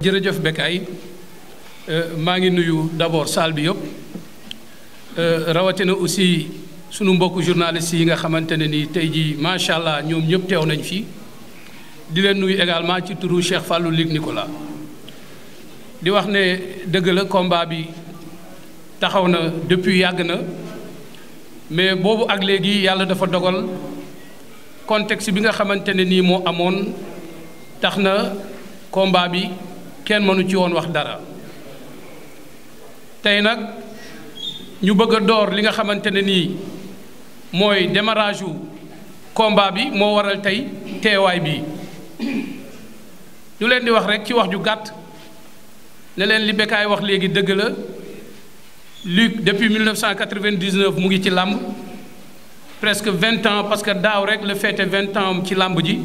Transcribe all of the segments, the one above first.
jërëjëf Bécaye euh, maa ngi nuyu d'abord salle bi yëpp euh, rawatina aussi sunu mbokk journaliste yi nga xamante ne ni tey jii macha allah ñoom ñëpp teew nañ fi di leen nuyu également ci turu Cheikh Fallou Luc Nicolas di wax ne dëgg la combat bi taxaw na depuis yàgg na mais boobu ak léegi yàlla dafa dogal contexte bi nga xamante ne nii moo amoon tax na combat bi. kenn mënu ci woon wax dara tey nag ñu bëgg a door li nga xamante ne nii mooy démarrage u combat bi moo waral tey teewaay bi ñu leen di wax rek ci wax ju gàtt ne leen li bekkaay wax léegi dëgg la Luc depuis 1999 mu ngi ci làmb presque vingt ans parce que daaw rek la féete vingt ans ci làmb ji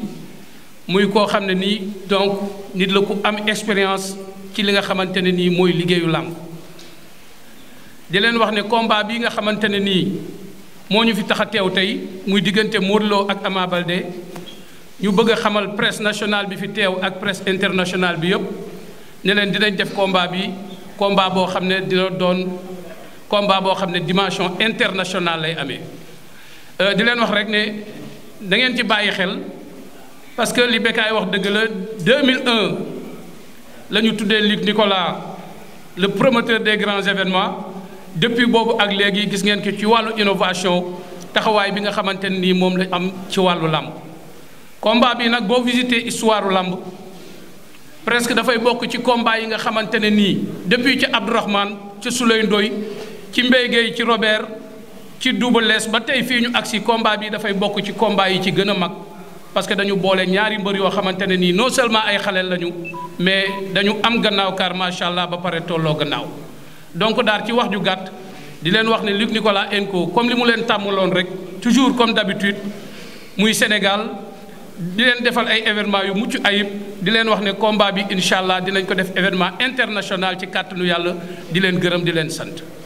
muy koo xam ne nii donc nit la ku am expérience ci li nga xamante ne nii mooy liggéeyu làmb di leen wax ne combat bii nga xamante ne nii moo ñu fi tax a teew tey muy diggante Modou ak Ama Baldé ñu bëgg a xamal presse national bi fi teew ak presse international bi yëpp ne leen dinañ def combat bi combat boo xam ne dina doon combat boo xam ne dimension internationale lay amee euh, di leen wax rek ne da ci bàyyi xel. parce que li Bécaye wax dëgg la 2001 la ñu tuddee Luc Nicolas le promoteur des grands événements depuis boobu ak léegi gis ngeen ko ci wàllu innovation taxawaay bi nga xamante ne nii moom la am ci wàllu làmb combat bii nag boo visité histoire làmb presque dafay bokk ci combat yi nga xamante ne nii depuis ci Abdourahmane ci Souley Ndoy ci Mbaye ci Robert ci Double Less ba tey fii ñu agsi combat bii dafay bokk ci combat yi ci gën a mag parce que dañu boole ñaari mbër yoo xamante ne nii non seulement ay xale lañu mais dañu am gannaaw kaar macha allah ba pare tolloo gannaaw donc daal ci wax ju gàtt di leen wax ne Luc Nicolas Enco comme li mu leen tàmmaloon rek toujours comme d'habitude muy Sénégal di leen defal ay événement yu mucc ayib di leen wax ne combat bi incha allah dinañ ko def événement international ci kàttanu yàlla di leen gërëm di leen sant.